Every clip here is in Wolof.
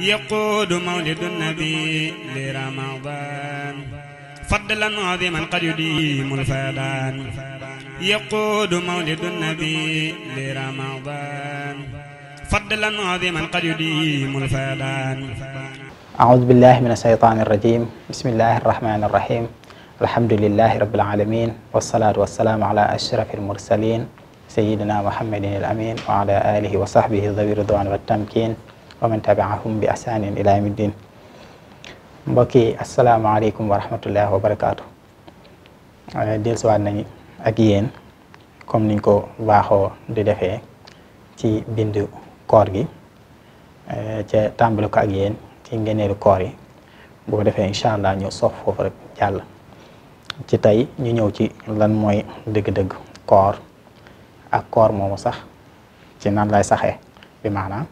يقود مولد النبي لرمضان فضلا عظيما قد يديم الفدان يقود مولد النبي لرمضان فضلا عظيما قد يديم الفدان أعوذ بالله من الشيطان الرجيم بسم الله الرحمن الرحيم الحمد لله رب العالمين والصلاة والسلام على أشرف المرسلين سيدنا محمد الأمين وعلى آله وصحبه ذوي الرضوان والتمكين wa man tabiahum bi ihsanin ila yawmi din mbokk yi asalaamaaleykum wa rahmatullah wa eh, nañ ak yéen comme niñ ko baaxoo di defee ci bind koor gi eh, ca tàmbali ko ak yéen ci ngeneelu koor yi bu defee incha allah ñu sof foofu rek jàll ci tey ñu ñëw ci lan mooy dëgg-dëgg koor ak koor moomu sax ci nan lay saxe bi maanaam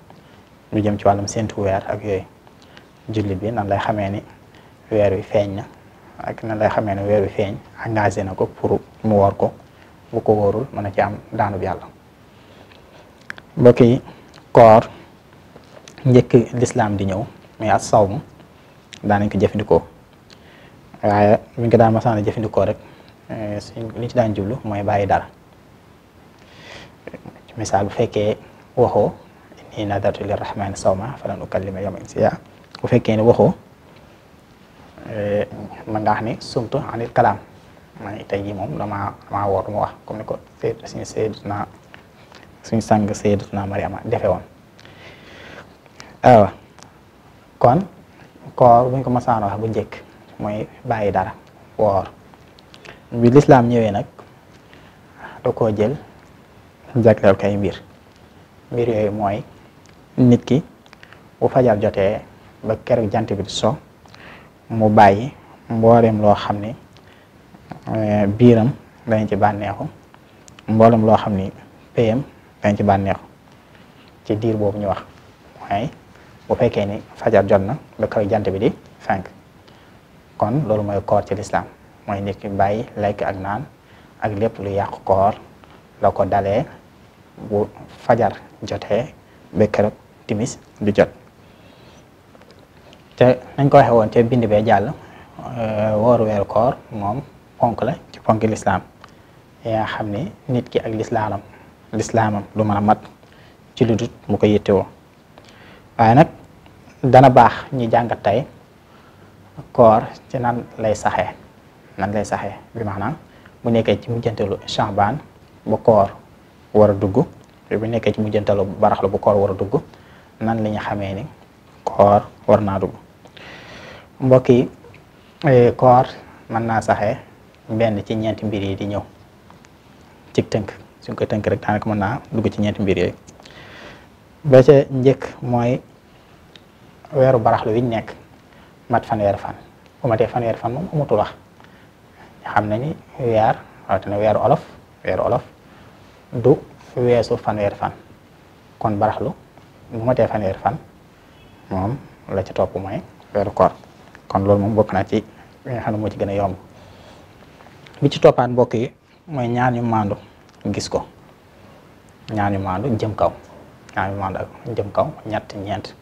lu jëm ci wàllum séntu weer ak yooyu jullit bi nan lay xamee ni weer wi feeñ na ak nan lay xamee ni weer wi feeñ engagé na ko pour mu woor ko bu ko wóorul mën a ci am daanu daanub yàlla mbokk yi koor njëkk lislaam di ñëw mais as saw mu ko jëfandikoo waaye bu ko daan masaan jëfandikoo rek eh, suñ ci daan jublu mooy bàyyi dara misaal bu fekkee waxoo in nadartu sawma falan ukallima yawma insiya bu fekkee ne waxoo eh, mën sumtu anil kalaam man tey jii moom damaa damaa woor mu wax comme ni ko suñu Sayyidatuna suñu sang Sayyidatuna Mariama defe woon waaw kon koor buñ ko masaan wax bu njëkk mooy bàyyi dara woor bi lislaam ñëwee nag da koo jël jagleel kay mbir mbir yooyu mooy nit ki bu fajar jotee ba keroog jant bi di so mu bàyyi mboolem loo xam ni eh, biiram dañ ci bànneexu mboolem loo xam ni payam dañ ci bànneexu ci diir boobu ñu wax waaye bu fekkee ni fajar jot na ba keroog jant bi di fenk kon loolu mooy koor ci lislaam mooy nit ki bàyyi lekk ak naan ak lépp lu yàqu koor la ko dalee bu fajar jotee ba keroog timis du jot te nañ ko waxe woon te bind bee jàll euh, wooru weeru koor moom ponk la ci ponk lislaam yaa xam ne nit ki ak lislaamam lislaamam lu mën a mat ci lu dut mu ko yittewoo waaye nag dana baax ñu jàngat tey koor ci nan lay saxe nan lay saxee bi maanaam bu nekkee ci mujjantalu Sha'baan bu koor war a dugg bu nekkee ci mujjantalu baraxlu bu koor war a dugg nan la xamee ni koor war naa dugg mbokk yi eh, koor mën naa saxee benn ci ñeent mbir yi di ñëw ci tënk suñ ko tënk rek daanaka mën naa dugg ci ñeenti mbir yooyu ba njëkk mooy weeru baraxlu wiñ nekk mat fanweer fan bu matee fanweer fan moom amatul wax xam na ni weer weeru olof olof du weesu fanweer fan kon baraxlu bu matee fanweeri fan moom la ci topp mooy weeru kon loolu moom bokk ci moo ci gën a yomb bi ci toppaat mbokk yi mooy ñaan yu maandu gis ko ñaan yu maandu jëm kaw ñaan yu maandu jëm kaw ñett ñeent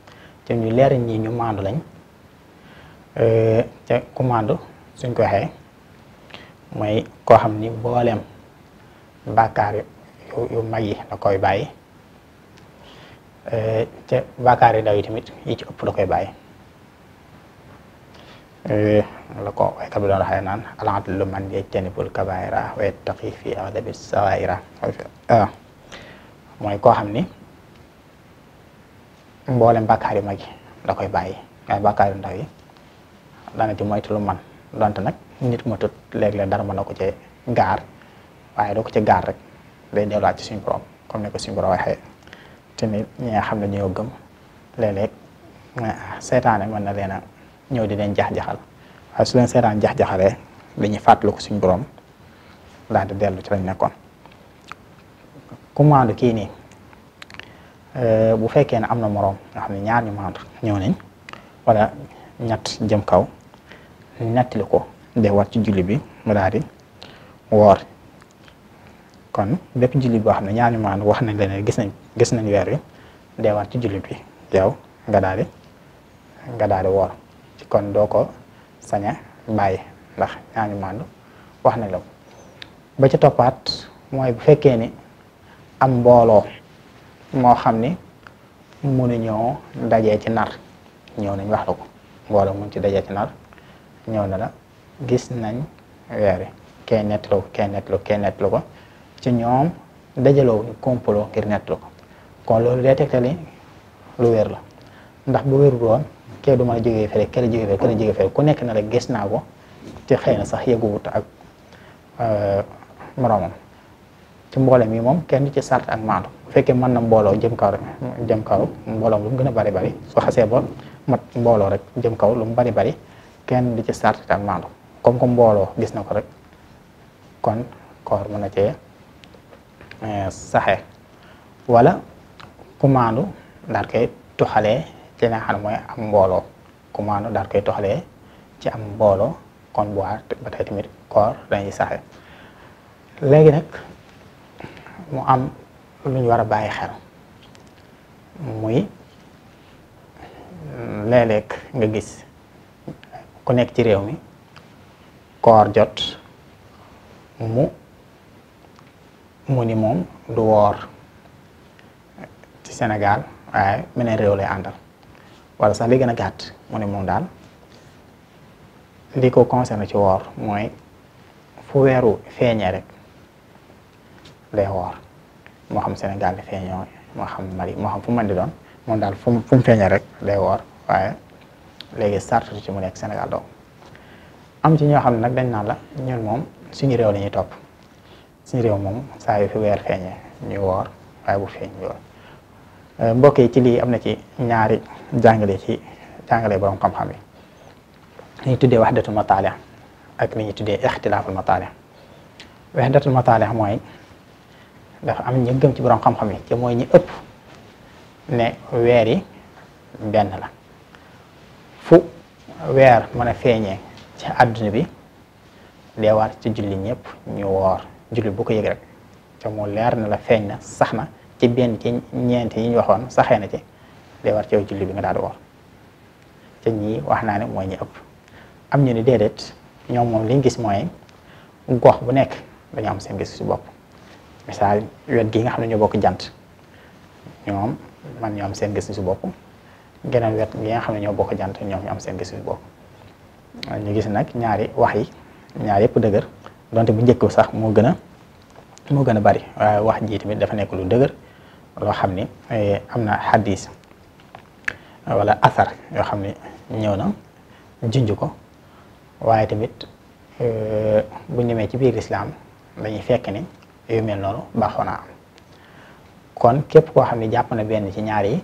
ci ñu leer ñi ñu maandu lañ euh, te ku maandu suñ ko waxee mooy koo xam ni mbooleem bàkkaar yu yu mag yi da koy bàyyi te bàkkaar yi ndaw yi tamit yi ci ëpp da koy bàyyi eh, la ko waykat bi doon waxee naan alaatlu man yajtanibul kabaira wa yattaqi fi adabi sawaira ah, mooy koo xam ni mboolem bàkkaar yu mag yi da koy bàyyi waaye bàkkaar yu ndaw yi dana ci lu man donte nag nit ma tut léeg dara mën na ko ce gaar waaye doo ko ci gaar rek day delluwaat ci suñu borom comme ni ko suñu borom tamit ñi nga xam ne ñoo gëm léeg-léeg seetaane mën na leen a ñëw di leen jax-jaxal waaye su leen seetaan jax-jaxalee dañuy fàttaliku ko suñ borom daal di dellu ci lañ nekkoon ku maandu kii nii euh, bu fekkee ne am na moroom nga xam ne ñaar ñu maandu ñëw nañ wala ñett jëm kaw nettali ko de war ci julli bi mu daal woor kon bépp jullit boo xam ne ñaari maanu wax nañ la ne gis nañ gis nañ weer wi deewaat ci jullit bi yow nga daal nga daal di woor ci kon doo ko sañ a bàyyi ndax ñaari maanu wax nañ la ko ba ci toppaat mooy bu fekkee ni am mbooloo moo xam ni mënuñoo dajee ci nar ñëw nañ wax la ko mbooloo mun ci dajee ci nar ñëw na la gis nañ weer wi kenn nettalu ko kenn nettalu ko ko ci ñoom dajaloo complot ngir nett ko kon loolu day tegtali lu wér la ndax bu wérul woon kee du mën a jógee fere kele jógee fere kele fere ku nekk na la gis naa ko ci xëy na sax yëguwut ak euh, moroomam ci mboolem yi moom kenn ci sart ak maandu bu fekkee mën na mbooloo jëm kaw jëm kaw mu gën a bari bari su xasee ba mat mbooloo rek jëm kaw lu mu bari bari kenn di ci sart ak maandu comme que mbooloo gis na ko rek kon koor mën na cee Euh, saxe wala kumaandu daal koy tuxalee ci li am mbooloo kumaandu daal koy toxale ci am mbooloo kon bu waar ba tey tamit koor dañuy saxe léegi nag mu am luñ ñu war a bàyyi xel muy léeg-léeg nga gis ku nekk ci réew mi koor jot mu mu ni moom du woor ci Sénégal waaye meneen réew lay àndal wala sax li gën a mu ni moom daal li ko concerne ci woor mooy fu weeru feeñee rek lay woor moo xam Sénégal li moo xam Mali moo xam fu mën doon moom daal fu mu feeñee rek lay woor waaye léegi sart sartu ci mu nekk Sénégal doo am ci ñoo xam ne nag dañ naan la ñun moom suñu réew la ñuy topp suñu réew moom saa yu weer feeñee ñu woor waaye bu feeñ ñu woor euh, mbokk yi ci lii am na ci ñaari jàngale ci jàngale borom xam-xam yi li ñuy tuddee wahdatul mataali ak li ñuy tuddee ixtilaaful mataali wahdatul mataali mooy dafa am ñu ci borom xam-xam yi te mooy ñu ëpp ne weer yi benn la fu weer mën feeñee ci àdduna bi dee ci julli ñëpp ñu woor jullit bu ko yëg rek te mu leer na la feeñ na sax na ci benn ci ñeent yi ñu waxoon saxee na ci day war ci yow julli bi nga daal di woor te ñii wax naa ne mooy ñi ëpp am ñu ni déedéet ñoom moom liñ gis mooy gox bu nekk dañoo am seen gis si bopp misaal wet gi nga xam ne bokk jant ñoom man ñoo am bopp geneen wet gi xam ne ñoo bokk jant ñoom ñu am seen gis si bopp ñu gis nag ñaari wax yi ñaar yëpp dëgër donte bu njëkk sax moo gën a moo gën a bari waaye wax ji tamit dafa nekk lu dëgër loo xam ni eh, am na xadis walla asar yoo xam ne ñëw na junj ko waaye tamit eh, bu ñemee ci biir lislaam dañuy fekk ni yu mel noonu baaxoo naa am kon képp koo xam ne jàpp na benn ci ñaar yi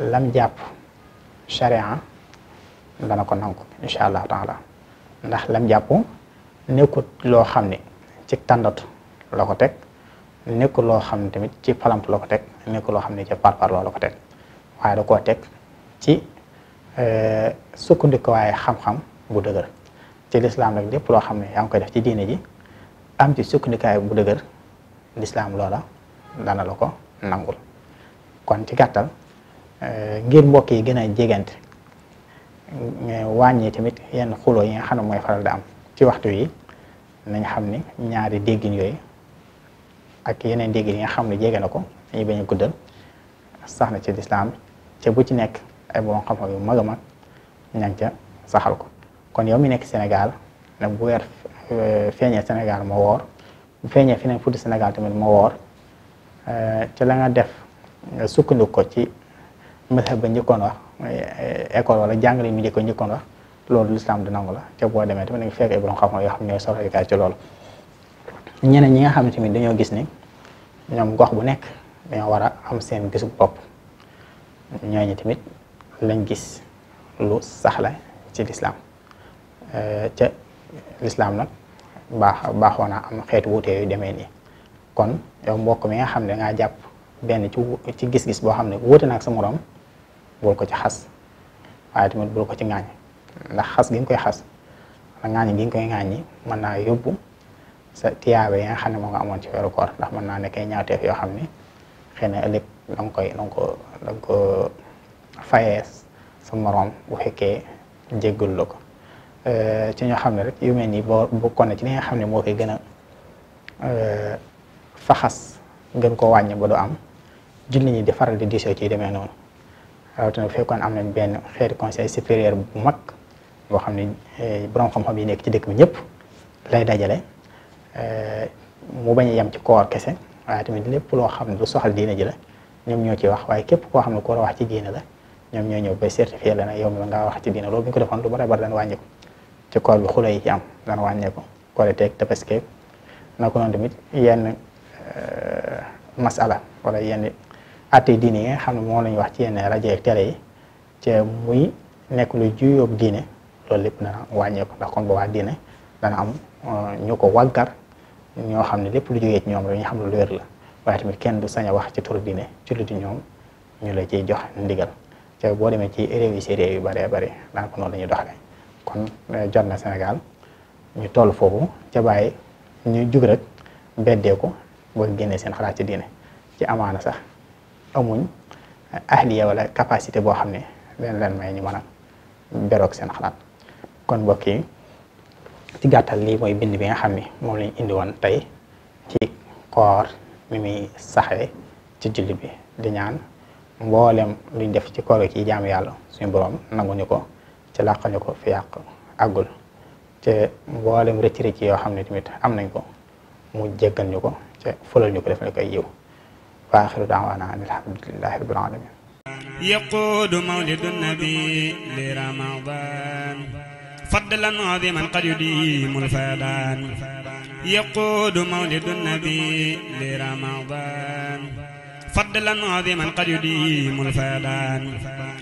lam jàpp charia dana ko nangu incha allah taala ndax lam jàpp nekkut loo xam ne ci tàndatu loo ko teg nekkul loo xam ne tamit ci palant ko teg nekkul loo xam ne ci parpar la ko teg waaye da koo teg ci eh, sukkandikuwaaye xam-xam bu dëgër ci lislaam rek lépp loo xam ne yaa ngi koy def ci diine ji am ci sukkandikaay bu dëgër lislaam loola dana la ko nangul kon ci gàttal eh, ngir mbokk yi gën a jegante eh, wàññi tamit yenn xuloo yi nga xam ne mooy faral di am ci waxtu yi nañ xam ni ñaari déggin yooyu ak yeneen déggin yi nga xam ne jege na ko dañuy bañ a guddal sax na ci lislaam ca bu ci nekk ay borom xam-xam yu mag a mag ña ca saxal ko kon yow mi nekk Sénégal nag bu weer euh, feeñee Sénégal moo woor bu feeñee feneen fuddi Sénégal tamit moo woor euh, ci la nga def nga sukkandiku ko ci mësa ba njëkkoon wax euh, école wala jàngale mi njëkkoon njëkkoon wax loolu lislaam du nangu la te boo demee tamit da nga fekk ay borom xam-xam yoo xam ñi nga xam ne tamit dañoo gis ni ñoom gox bu nekk dañoo war a am seen gisu bopp ñooñu tamit lañ gis lu saxla ci lislaam euh, ca lislaam nag baax baaxoo naa am xeetu wuute yu demee nii kon yow mbokk mi nga xam ne ngaa jàpp benn ci ci gis-gis boo xam ne wuute na ak sa moroom bul ko ci xas waaye tamit bul ko ci ŋaañ ndax xas gi koy xas wala ŋaañi gi koy ŋaañi mën naa yóbbu sa tiyaabe yi nga xam ne moo nga amoon ci weeru koor ndax mën naa nekkee ñaawteef yoo xam ne xëy na ëllëg da nga koy da ko da nga sa moroom bu fekkee jéggul la ko euh, ci ñoo xam ne rek yu mel nii boo bokkoon na ci li nga xam ne moo koy gën a euh, faxas gën koo wàññi ba du am julli ñi di faral di diisoo ci demee noonu rawatina bu fekkoon am nañ benn xeet conseil supérieur bu mag boo xam ne eh, borom xam-xam yi nekk ci dëkk bi ñëpp lay dajale eh, mu bañ a yem ci koor kese waaye tamit lépp loo xam ne lu soxal diine ji la ñoom ñoo ci wax waaye képp koo xam ne ku war a wax ci diine la ñoom ñoo ñëw bay certifié la yow mi ngaa wax ci diine loolu bu ñu ko defoon lu bari bari daan wàññeeku ci koor bi xula yi ci am daan wàññeeku kooriteeg tabaskeeg na ko noonu tamit yenn eh, masala wala yenn atte diine yi nga xam ne moo lañu wax ci yenn rajo ak télé yi te muy nekk lu juyóog diine loolu lépp dana wàññeeku ndax kon boobaa diine dana am euh, ñu ko waggar ñoo xam ne lépp lu jógee ci ñoom rek ñu xam ne lu wér la waaye tamit kenn du sañ wax ci turu ci lu di ñoom ñu la ciy jox ndigal te boo demee ci réew yi si réew yu bëree bëri daanaka noonu la doxale kon euh, jot na Sénégal ñu toll foofu ca bàyyi ñu jug rek mbeddeeku ba génnee seen xalaat ci diine ci amaana sax amuñ ahliya wala capacité boo xam ne leen leen may ñu mën a beroog seen xalaat kon mbokk yi ci gàttal lii mooy bind bi nga xam ne moom lañ indi woon tey ci koor ni mi muy saxee ci julli bi di ñaan mboolem luñ def ci koor ci jaamu yàlla suñu borom nangu ñu ko ci làq ñu ko fi yàq àggul te mboolem rëcc rëcc yoo xam ne tamit am nañ ko mu jéggal ñu ko te fulal ñu ko def ñu koy yiw wa axiru daawaana an alhamdulillahi rabbil alamin فضلا عظيما قد يديم الفيضان يقود مولد النبي لرمضان فضلا عظيما قد يديم الفيضان